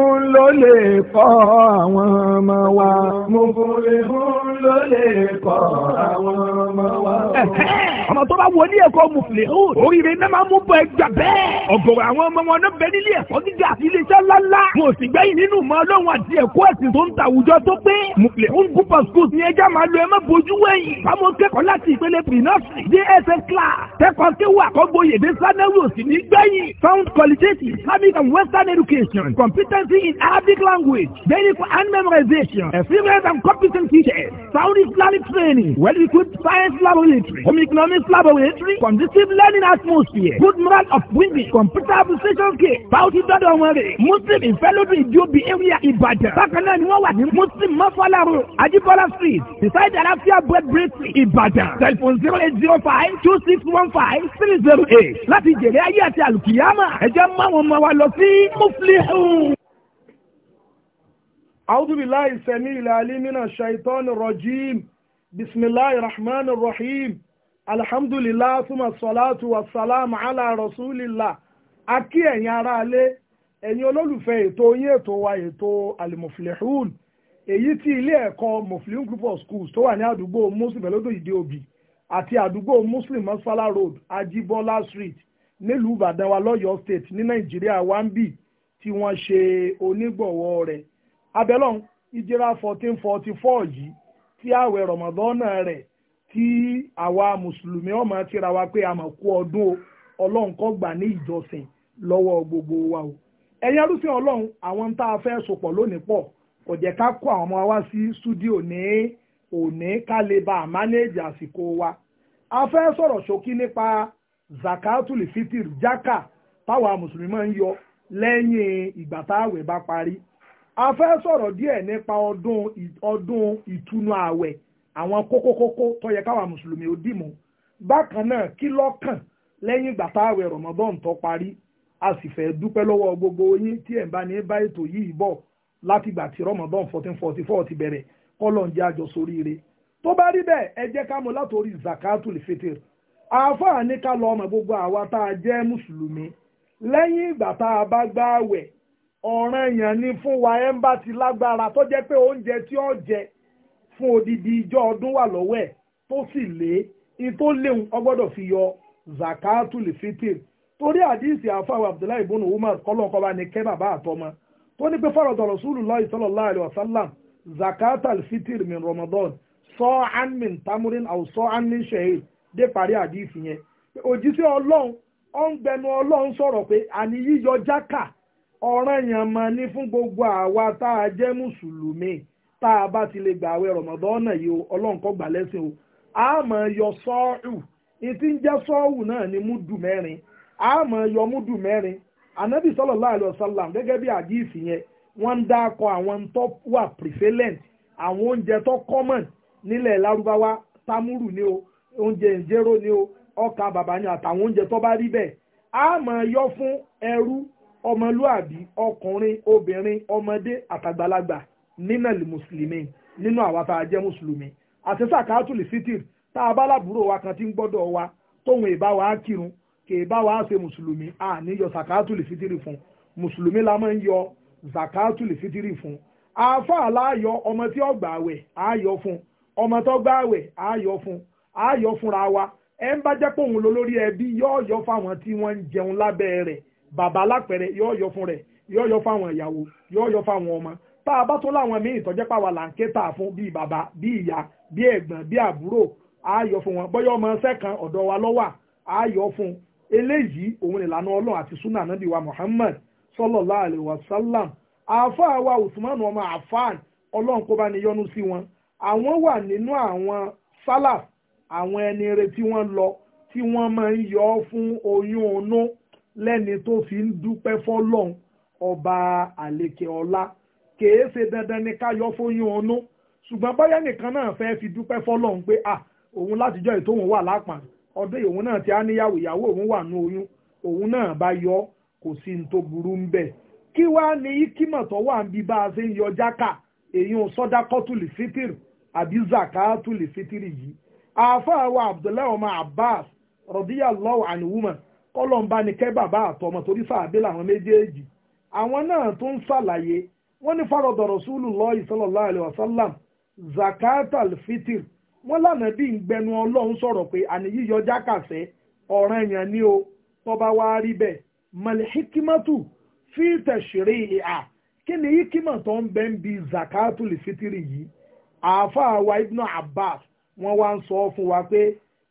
fún ló lè kọ́ àwọn ọmọ wa. mufulihun ló lè kọ́ àwọn ọmọ wa. ọmọ tó bá wọ ní ẹ̀kọ́ mufulihun oríire náà máa mú bọ ẹgbà bẹ́ẹ̀. ọ̀gọ̀rọ̀ àwọn ọmọ wọn náà bẹ nílé ẹ̀kọ́ gíga àti iléeṣẹ́ ńláńlá. mo sì gbẹ́yìn nínú ìmọ̀ ọlọ́run àti ẹ̀kọ́ ẹ̀sìn tó ń ta àwùjọ tó pé. mufulihun group of schools ni ẹja máa lo ẹ má bojú wẹ̀yìn. western education competent in Arabic language, basic and memorization, experienced and competent teachers, sound Islamic training, well-equipped science laboratory, home economics laboratory, conducive learning atmosphere, good moral of women, computer application kit, bounty dọ́dọ̀ wọn rè, Muslim ìfẹ́lódù ìjọbi area Ìbàdàn. Bákan náà ni wọ́n wà ní Muslim Mọ́fọ́lárò, Ajíbọ́lá street, beside Alafia bread bakery Ìbàdàn. Telephone zero eight zero five two six one five three zero eight. Láti jèrè ayé àti àlùkìyámà, ẹ wa lọ sí أعوذ بالله السميع العليم من الشيطان الرجيم بسم الله الرحمن الرحيم الحمد لله ثم الصلاة والسلام على رسول الله akí ẹ̀yin aráalé ẹ̀yin olólùfẹ́ ètò yín ètò wa ètò alimuflihun èyí tí ilé ẹ̀kọ́ muflihun group of schools tó wà ní àdúgbò muslim ẹlọ́dọ̀ ìdí òbí àti àdúgbò muslim masfala road ajibola street nílùú ìbàdàn wa lọ́yọ̀ọ́ state ní nàìjíríà wambi tí wọ́n ṣe onígbọ̀wọ́ rẹ̀ abẹ́lọ́n ìjìrà 1444 forty four yìí tí ààwẹ̀ rọ̀mọ̀dọ́nà rẹ̀ tí àwa mùsùlùmí ọmọ tira wa pé àmọ̀ kú ọdún ọlọ́run kọ́ gbà ní ìjọsìn lọ́wọ́ gbogbo wa o ẹ̀yin arúfẹ́ ọlọ́run àwọn tá a fẹ́ sopọ̀ lónìí pọ̀ kò jẹ́ ká kó àwọn ọmọ wa sí stúdíò ní òní ká lè bá a àsìkò wa a fẹ́ sọ̀rọ̀ ṣókí nípa zakatul jaka táwa mùsùlùmí máa ń yọ lẹ́yìn ìgbà táwẹ̀ bá parí a fẹ́ sọ̀rọ̀ díẹ̀ nípa ọdún ọdún ìtúnu ààwẹ̀ àwọn kókókókó tó yẹ káwa mùsùlùmí ó dìmú bákan náà kí lọ́kàn lẹ́yìn ìgbà táwẹ̀ rọ̀mọ́dọ́n tó parí a sì fẹ́ dúpẹ́ lọ́wọ́ gbogbo yín tí ẹ̀ ń bá ní bá ètò yìí bọ̀ látìgbà tí rọ̀mọ́dọ́n fourteen forty four ti bẹ̀rẹ̀ kọ́lọ̀ ń jẹ́ àjọ soríire tó bá rí bẹ́ẹ̀ ẹ jẹ́ ká mọ̀ látòrí zakatul fitr àáfàá ní ká lọ ọmọ gbogbo àwa tá a jẹ́ mùsùlùmí lẹ́yìn ìgbà tá a bá gbààwẹ̀ ọ̀ràn èèyàn ni fún wa ẹ́mbàsì lágbára tó jẹ́ pé oúnjẹ tí ó jẹ fún odidi ìjọ ọdún wà lọ́wọ́ ẹ̀ tó sì lé in tó léwu ọgbọ́dọ̀ fi yọ zakatul fitr torí àdìsí àfàwọ̀ abdullahi ibùnú umar kọ́lọ́kọ́ba ni kẹ́ bàbá àtọmọ tó ní pé fọ́rọ̀ dọ̀rọ̀ Rasulullahi sallallahu alaihi wasallam zakatul fitr min ramadan sa'an min tamurin aw sa'an min sha'ir dé parí àdìsí yẹn òjíṣẹ́ ọlọ́run ọ̀ ń gbẹnu ọlọ́run sọ̀rọ̀ pé àní yíyọ jákà ọ̀ranyàn mà ní fún gbogbo àwa tá a jẹ́ mùsùlùmí tá a bá ti lè gbààwẹ̀ rọ̀mọ̀dọ́nà yìí o ọlọ́run o a máa yọ sọ́ọ̀rù ìtí ń jẹ́ sọ́ọ̀rù náà ní múdù mẹ́rin a máa yọ múdù mẹ́rin anabi sallallahu alaihi wasallam gẹ́gẹ́ bí àdìsí yẹn wọ́n ń akọ àwọn tó wà prevalent àwọn oúnjẹ tó common nílẹ̀ lárúbáwá támúrù ọmọlúàbí ọkùnrin obìnrin ọmọdé àtàgbàlagbà nínàlì mùsùlùmí nínú àwa tá a jẹ́ mùsùlùmí àti sàkáàtùlì sítìr tá a bá lábúrò wa kan tí ń gbọ́dọ̀ wa tóun ìbá wa á kírun kì í bá wa á ṣe mùsùlùmí a ní yọ sàkáàtùlì sítìr fún mùsùlùmí la máa ń yọ sàkáàtùlì sítìr fún àáfà aláyọ ọmọ tí ó gbààwẹ̀ àáyọ fún ọmọ tó gbààwẹ̀ àáyọ fún àáyọ fúnra wa ẹ ń bá jẹ́ pé òun lolórí ẹbí yóò yọ fáwọn tí wọ́n ń jẹun lábẹ́ rẹ̀ bàbá alápẹ̀rẹ̀ yóò yọ fún rẹ̀ yóò yọ fáwọn ìyàwó yóò yọ fáwọn ọmọ tá a bá tó láwọn míì tọ́jẹ́ pàwà là ń ké tà fún bíi bàbá bíi ìyá bíi ẹ̀gbọ́n bíi àbúrò á yọ fún wọn bọ́yọ́ ọmọ ṣẹ́ kan ọ̀dọ̀ wa lọ́wà á yọ fún eléyìí òun ìlànà ọlọ́run àti sunnah nabi wa Muhammad sallallahu alayhi wa sallam àáfàá wa Usman ọmọ àfáàn ọlọ́run kó bá ní yọ́nú sí wọn àwọn wà nínú àwọn salaf àwọn ẹni rẹ tí lọ tí wọ́n máa ń yọ fún oyún onú lẹ́ni tó fi ń dúpẹ́ fọ́lọ́hún ọba àlekè ọlá kèé ṣe dandan ni ká yọ fóyún ọnú ṣùgbọ́n bóyá nìkan náà fẹ́ fi dúpẹ́ fọ́lọ́hún pé à òun látijọ́ ìtòhún wà lápá ọdún òun náà ti á níyàwó ìyàwó òun wà ní oyún òun náà bá yọ kò sí ní tó burú ń bẹ̀ kí wá ní ikímọ̀ wà ń bí bá a ṣe ń yọ jákà èyàn sọ́dákọ́tùlì fítìrì àbí zakatùlì fítìrì yìí àáfàá wa Abdullahi ọmọ Abbas rọ̀bíyà lọ́wọ́ àníwúmọ̀ kọ́lọ́n bá ní kẹ́ bàbá àtọmọ torí fàábé làwọn méjèèjì àwọn náà tó ń ṣàlàyé wọ́n ní fàrọ̀dọ̀ Rasulullahi sallallahu alaihi wasallam zakat al-fitr wọ́n lànà bí ń gbẹnu ọlọ́run sọ̀rọ̀ pé àní yíyọ jákàsẹ́ ọ̀ranyàn ni o tọ́ba wá rí bẹ́ẹ̀ malhikimatu fi tẹ̀sírí ìhà kí ni hikima tó ń bẹ́ ń bi zakatul fitr yìí àáfàá wa ibnu Abbas wọ́n wá ń sọ fún wa pé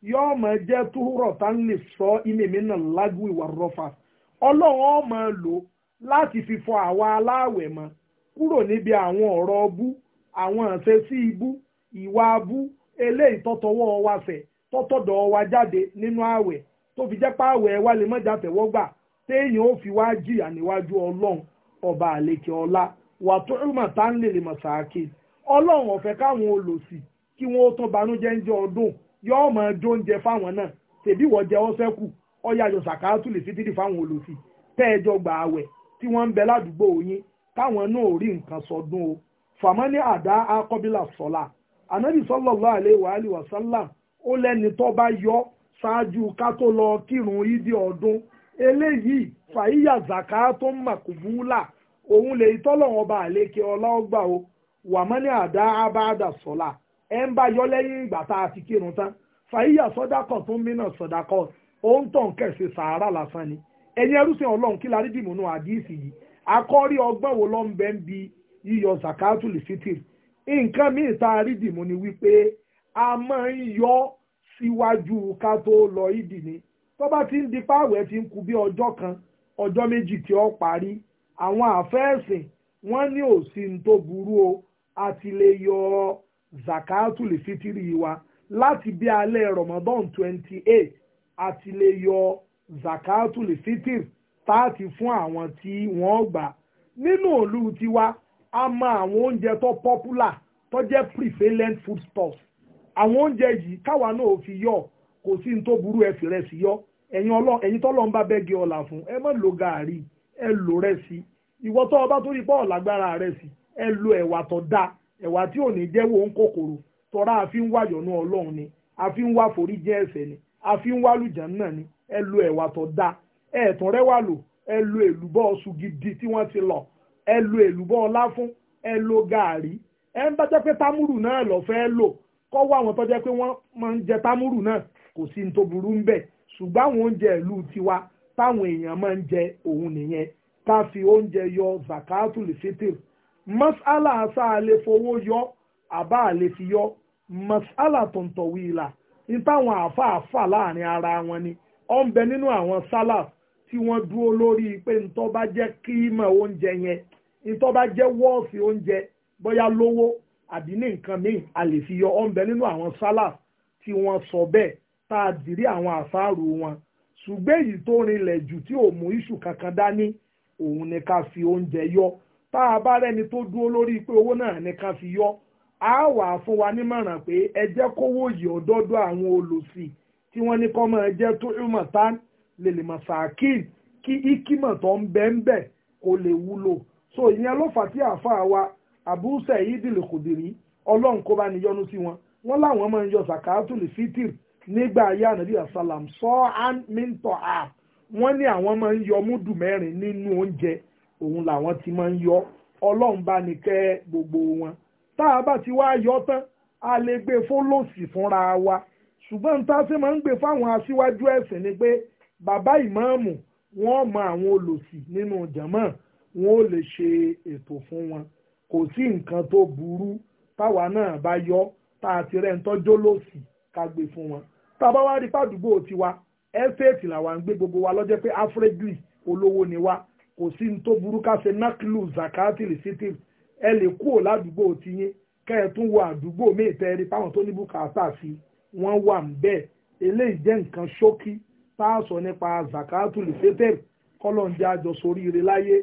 yóò máa jẹ́ túrọ̀ tá ń lè sọ ìmìmí náà lágùn ìwà rọ́fà ọlọrun ó máa lò láti fi fọ àwa aláàwẹ̀ mọ́ kúrò níbi àwọn ọrọ ọbú àwọn àṣẹsí ibú ìwà abú eléyìí tọ́tọwọ́ wa fẹ̀ tọ́tọ̀dọ̀ wa jáde nínú ààwẹ̀ tó fi jẹ́ pààwẹ̀ wa lè mọ́jà tẹ̀wọ́gbà téèyàn ó fi wá jìyà níwájú ọlọ́run ọba àlekè ọlá wà tó rúmà tá ń lè lè mọ̀ sàákì ọlọ́run ọ̀fẹ́ káwọn olòṣì kí wọ́n ó tán banújẹ́ ń jẹ́ ọdún yọ mọ jó oúnjẹ fáwọn náà tèbí wọ́n jẹ ọ́ sẹ́kù ọ̀yà yọ sàkáàtù lè fi fáwọn olùsí ẹjọ tí wọ́n ń bẹ ládùúgbò yín káwọn náà rí nǹkan sọdún o fàmọ́lì àdá akọ́bílà sọ́lá ànábì sallallahu ṣáájú ká tó lọ kírun ọdún o àdá ẹ ń bá yọ lẹ́yìn ìgbà tá a ti kírun tán fàyíyà sọ́dákọ̀ tó ń mìíràn sọ́dákọ̀ ó tàn kẹ̀sì sàárà lásán ni ẹ̀yin ẹrúsìn ọlọ́run kí la rí dìmú nù àdíìsì yìí akọ́rí ọgbọ́n wo ló ń bẹ ń bi yíyọ zakatul fitr nǹkan míì tá a rí dìmú ni wípé a máa ń yọ síwájú ká tó lọ ìdì ni tó bá ti ń di páwẹ́ ti ń ku bí ọjọ́ kan ọjọ́ méjì tí ó parí àwọn àfẹ́ẹ̀sìn wọ́n ní òsì ń tó burú o àti zakatu lè fitiri wa láti bí alẹ́ Ramadan twenty eight àti lè yọ zakatu lè fitiri táàtì fún àwọn tí wọ́n gbà nínú òlu tiwa a mọ àwọn oúnjẹ tó popular tó jẹ́ prevalent foodstuffs àwọn oúnjẹ yìí káwa náà fi yọ kò sí ní tó burú ẹ fi rẹ̀ sí yọ ẹ̀yin ọlọ́ ẹ̀yin tọ́lọ́ ń bá bẹ́ẹ̀gì ọ̀la fún ẹ má lo gàárì ẹ lò rẹ̀ sí ìwọ tó o tó rí pọ́ ọ̀làgbára rẹ̀ sí ẹ lo ẹ̀wà tó dáa ẹ̀wà tí ò ní jẹ́ wo ń kòkòrò tọ́ra àfi ń wá yọ̀nú ọlọ́run ni àfi ń wá forí jẹ́ ẹ̀ṣẹ̀ ni àfi ń wá lùjàn náà ni ẹ lo ẹ̀wà tó da ẹ̀ẹ̀tàn rẹwà lò ẹ lo èlùbọ́ ọ̀sùn gidi tí wọ́n ti lọ ẹ lo èlùbọ́ ọlá fún ẹ lo gàárì ẹ ń bá pé támúrù náà lọ fẹ́ lò kọ́ wá àwọn tó pé wọ́n máa ń jẹ támúrù náà kò sí ní tó ń bẹ̀ ṣùgbọ́n àwọn oúnjẹ ìlú mas'ala asa àlè fowó yọ àbá àlè fi yọ mas'ala tọ̀ntọ̀wé ìlà ìtàwọn àfààfà láàrin ara wọn ni ó ń bẹ nínú àwọn salaf tí wọ́n dúró lórí pé ntọ́ bá jẹ́ kíímọ̀ oúnjẹ yẹn ntọ́ bá jẹ́ wọ́ọ̀sì oúnjẹ bóyá lówó àbí ní nǹkan míì a lè fi yọ ó ń bẹ nínú àwọn salaf tí wọ́n sọ bẹ́ẹ̀ tá a dìrí àwọn àṣàrò wọn ṣùgbọ́n èyí tó rinlẹ̀ jù tí ò mú iṣu kankan dání òun ni ká fi oúnjẹ yọ ta a bá rẹni tó dúró lórí pé owó náà nìkan fi yọ á wà fún wa nímọ̀ràn pé ẹ jẹ́ kówó yìí ọ̀dọ́dọ̀ àwọn olòṣì tí wọ́n ní kọ́ máa jẹ́ tó ìmọ̀ tán lè lè mọ̀ sàákìn kí ìkímọ̀ tó ń bẹ́ ń bẹ̀ kó lè wúlò so ìyẹn ló fà tí àáfàá wa Abu Said al-Khudri ọlọ́run kó bá ní yọ́nú sí wọn wọn láwọn máa ń yọ sàkáàtúlì fítìrì nígbà ayé ànábì àsálàm sọ án mìntọ́ àp wọ́n ní àwọn máa ń yọ múdù mẹ́rin nínú oúnjẹ òun làwọn ti máa ń yọ ọlọ́run bá ní kẹ́ gbogbo wọn tá a bá ti wá yọ tán a lè gbé fólòsì fúnra wa ṣùgbọ́n tá a ṣe máa ń gbé fáwọn aṣíwájú ẹ̀sìn ni pé bàbá ìmáàmù wọ́n mọ àwọn olòṣì nínú jàmọ́ wọn ò lè ṣe ètò fún wọn kò sí nǹkan tó burú táwa náà bá yọ tá a ti rẹ̀ ń tọ́jú lòṣì ká gbé fún wọn tá a bá wá rí pàdúgbò tiwa ẹ́sẹ̀ẹ̀tì làwọn gbé gbogbo wa lọ́jọ́ pé áfírẹ́gì olówó ni wá kò sí ní tó burú ká ṣe náklù zakati lisitir ẹ lè kúrò ládùúgbò tiyín kẹ́ ẹ tún wo àdúgbò míì tẹ́ ẹ rí páwọn tó ní bùkátà sí wọ́n wà ń bẹ́ẹ̀ eléyìí jẹ́ nǹkan ṣókí tá a sọ nípa zakatu lisitir kọ́lọ́njẹ́ àjọ soríire láyé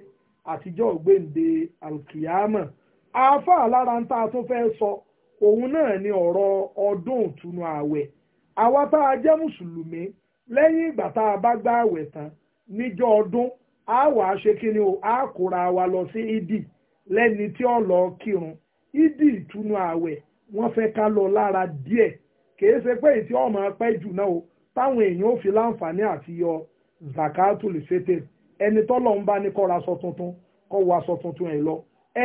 àtijọ́ ògbéǹde alkiyama àáfàá lára ń tá a fẹ́ sọ òun náà ni ọ̀rọ̀ ọdún ìtúnu ààwẹ̀ àwa tá a jẹ́ mùsùlùmí lẹ́yìn ìgbà tá a bá gbá ààwẹ̀ tán níjọ́ ọdún a wà á ṣe kí ni o a kóra wa lọ sí ìdí lẹ́ni tí ó lọ kírun ìdí ìtúnu ààwẹ̀ wọ́n fẹ́ ká lọ lára díẹ̀ kìí ṣe pé ìtí ọmọ pẹ́ jù náà o táwọn èèyàn ò fi láǹfààní àti yọ zakatul fitr ẹni tọ́lọ̀ ń bá ní kọ́ ra sọ tuntun kọ́ wọ aṣọ tuntun ẹ̀ lọ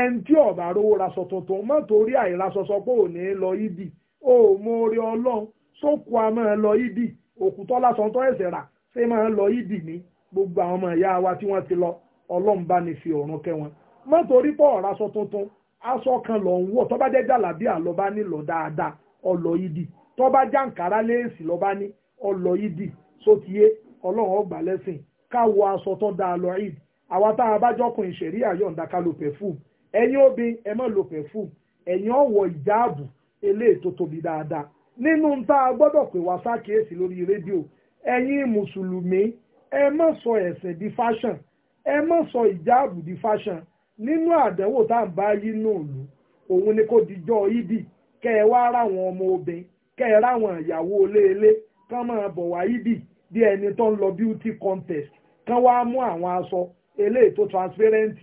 ẹni tí ọ̀bà rówó ra sọ tuntun mọ́ torí àìrasọsọ pé ò ní lọ ìdí o mọ orí ọlọ́run sókù a máa lọ ìdí òkú tọ́lá ẹ̀sẹ̀ rà ṣé máa lọ ìdí ni gbogbo àwọn ọmọ ìyá wa tí wọ́n ti lọ ọlọ́run bá ní fi ọ̀run kẹ́ wọn má torí pọ̀ ọ̀rọ̀ aṣọ tuntun aṣọ kan lọ ń wọ̀ tọ́ba jẹ́ bí àlọ́ba lọ dáadáa ọlọ́ ìdì tọ́ba jàǹkárá léèsì lọ́ba ní ọlọ́ sótìyé ọlọ́run ọgbà lẹ́sìn káwọ aṣọ tó lọ àwa tá a bá jọkùn ìṣẹ̀rí àyọ̀ǹda ká lo pẹ̀fúm ẹ̀yin obìn ẹ lo a lórí rédíò ẹ̀yin mùsùlùmí ẹ má sọ ẹ̀sẹ̀ di fashion ẹ má sọ ìjáàbù di fashion nínú àdánwò tá à ń bá yí nù lù òun ni kò dijọ́ ìdì kẹ́ ẹ wá ráwọn ọmọ obìnrin kẹ́ ẹ ráwọn ìyàwó léèlé kán máa bọ̀ wá ìdì bí ẹni tó ń lọ beauty contest kán wá mú àwọn aṣọ eléyìí tó transparent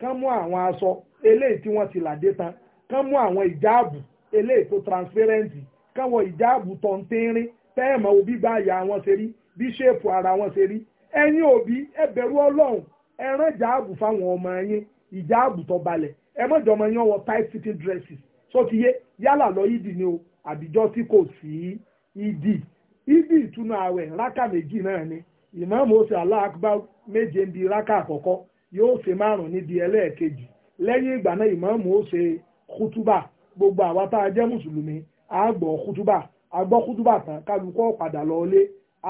kán mú àwọn aṣọ eléyìí tí wọ́n ti làdé tán kán mú àwọn ìjáàbù eléyìí tó transparent kán wọ ìjáàbù tọ̀ntínrín tẹ́ẹ̀mọ́ òbí gbá àyà wọn ṣe rí bí ṣéèpù ara wọn ṣe rí ẹ̀yin òbí ẹ bẹ̀rù ọlọ́run ẹ rán ìjáàbù fáwọn ọmọ yín ìjáàbù tó balẹ̀ ẹ mọ̀jọ́ ọmọ yín wọ tight fitting dresses tó ti yé yálà lọ yídì ni o àbíjọ́ tí kò sí ìdì ìdì ìtúnu ààwẹ̀ rákà méjì náà ni ìmáàmù ó ṣe Allahu Akbar méje ń di rákà àkọ́kọ́ yóò ṣe márùn-ún níbi ẹlẹ́ẹ̀kejì lẹ́yìn ìgbà náà ìmáàmù ó ṣe kútúbà gbogbo àwa tá a jẹ́ mùsùlùmí a gbọ́ kútúbà a gbọ́ kútúbà tán kálukọ́ padà lọ ilé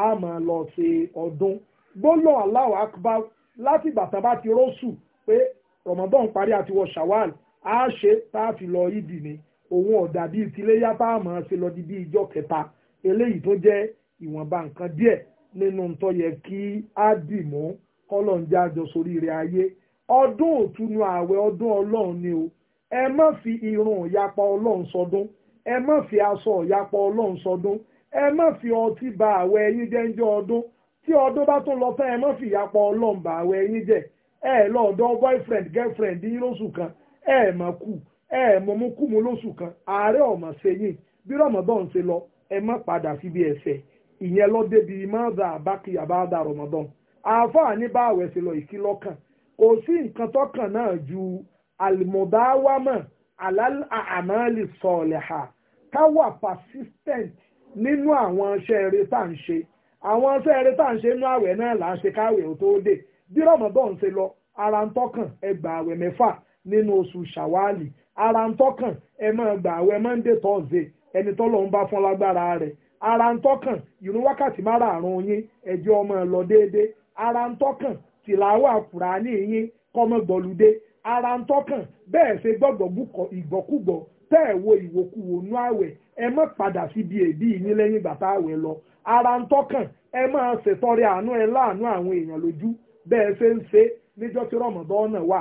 a máa lọ ṣe ọdún gbólọ̀ Allahu akbar láti bàtà bá ti rọ́ṣù pé Ramadan parí àti wọ Shawwal á ṣe tá a fi lọ ìdì ni òun ọ̀dà bíi tiléyà tá a máa ṣe lọ di bíi ìjọ kẹta eléyìí tó jẹ́ ìwọ̀nba nǹkan díẹ̀ nínú tó yẹ kí á dì mú kọ́lọ̀ ń já jọ sórí rẹ̀ ayé ọdún òtúnu ààwẹ̀ ọdún ọlọ́run ni o ẹ má fi irun ìyapa ọlọ́run sọdún ẹ má fi aṣọ ìyapa ọlọ́run sọdún ẹ má fi ọtí ba ààwẹ̀ ẹyin jẹ́ńjẹ́ ọdún tí ọdún bá tún lọ tán ẹ má fìyà pa ọlọ́mba àwọ̀ ẹ̀yìn jẹ ẹ lọ́ọ̀dọ́ boyfriend girlfriend yín lóṣù kan ẹ má kú ẹ mọ̀ mú kú mu lóṣù kan ààrẹ ọ̀mọ̀ ṣe yìn bí rọmọdán ṣe lọ ẹ má padà síbi ẹ̀ṣẹ̀ ìyẹn lọ débi mọ́ọ̀dà àbákì àbáàdà rọmọdán àáfàá ní bá àwẹ̀ ṣe lọ ìkìlọ́kàn kò sí nǹkan tọ́kàn náà ju àlùmọ̀dáwámọ̀ àmàlì sọ̀ọ̀lẹ̀ ha ká wà persistent nínú àwọn iṣẹ́ eré tá à ń ṣe àwọn sẹ́ẹ̀rẹ́ tá à ń ṣe inú àwẹ̀ náà là ń ṣe káwẹ̀ ò tó dé bí rọ̀mọ́dọ́n ṣe lọ ara ń tọ́kàn ẹgbà àwẹ̀ mẹ́fà nínú oṣù ṣàwálì ara ń tọ́kàn ẹ máa gbà àwẹ̀ monday thursday ẹni tọ́lọ́ ń bá fún lágbára rẹ̀ ara ń tọ́kàn ìrun wákàtí márààrún yín ẹjọ́ ọmọ lọ déédé ara ń tọ́kàn tìlàwọ̀ àkùrà ní yín kọ́mọ́gbọ̀lùdé ara ń tọ́kàn bẹ́ẹ̀ ṣe gbọ́gbọ́ ìgbọ́kúgbọ́ tẹ́ ẹ̀ wo ìwòkuwò nú àwẹ̀ ẹ má padà síbi èbí yín lẹ́yìn bàtà àwẹ̀ lọ ara ń tọ́kàn ẹ máa ṣètọrẹ àánú ẹ láàánú àwọn èèyàn lójú bẹ́ẹ̀ ṣe ń ṣe níjọ́ tí rọ̀mọ̀dọ́ náà wà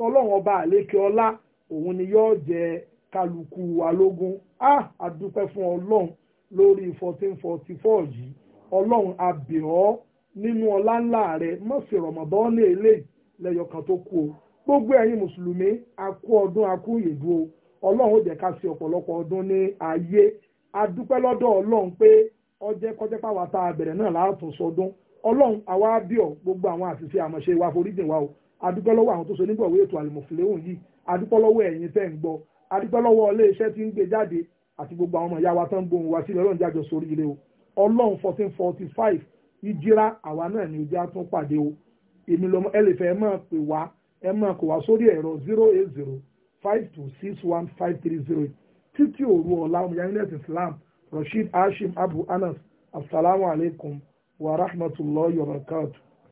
tọ́lọ́run ọba àlékè ọlá òun ni yóò jẹ kálukú alógún a àdúpẹ́ fún ọlọ́run lórí fourteen forty four yìí ọlọ́run àbẹ̀ ọ́ nínú ọlá ńlá rẹ má ṣe rọ̀mọ̀dán ní èlé lẹ́yọkan tó kú o gbogbo ẹ̀yin mùsùlùmí a kú ọdún a kú ìyèdú o ọlọ́run ó jẹ́ ká ṣe ọ̀pọ̀lọpọ̀ ọdún ní ayé adúpẹ́ lọ́dọ̀ ọlọ́run pé ọjẹ́ kọjẹ́ pàwọ́ bẹ̀rẹ̀ náà láàtún sọdún ọlọ́run àwa bí gbogbo àwọn àṣìṣe àmọ̀ṣe wa foríjìn wa o adúpẹ́ lọ́wọ́ àwọn tó so nígbọ̀wé ètò àlùmọ̀fìlẹ́hùn yìí adúpẹ́ lọ́wọ́ ẹ̀yin tẹ́ ń gbọ́ adúpẹ́ lọ́wọ́ ilé iṣẹ́ tí ń gbé jáde àti gbogbo àwọn ọmọ ìyá wa tó ń gbóhùn wa sílẹ̀ ọlọ́run jájọ sórí ilé o ọlọ́run fourteen forty five ìjírá àwa náà ni ojú àtún pàdé o èmi lọmọ ẹ lè fẹ́ ẹ máa pè wá ẹ máa kò wá sórí ẹ̀rọ zero eight zero five two six one five three zero títí òru ọ̀la ọmọyanílẹ̀sì Islam Rasheed Hashim Abu Anas asalaamualeykum wa rahmatulahi wa barakatuh.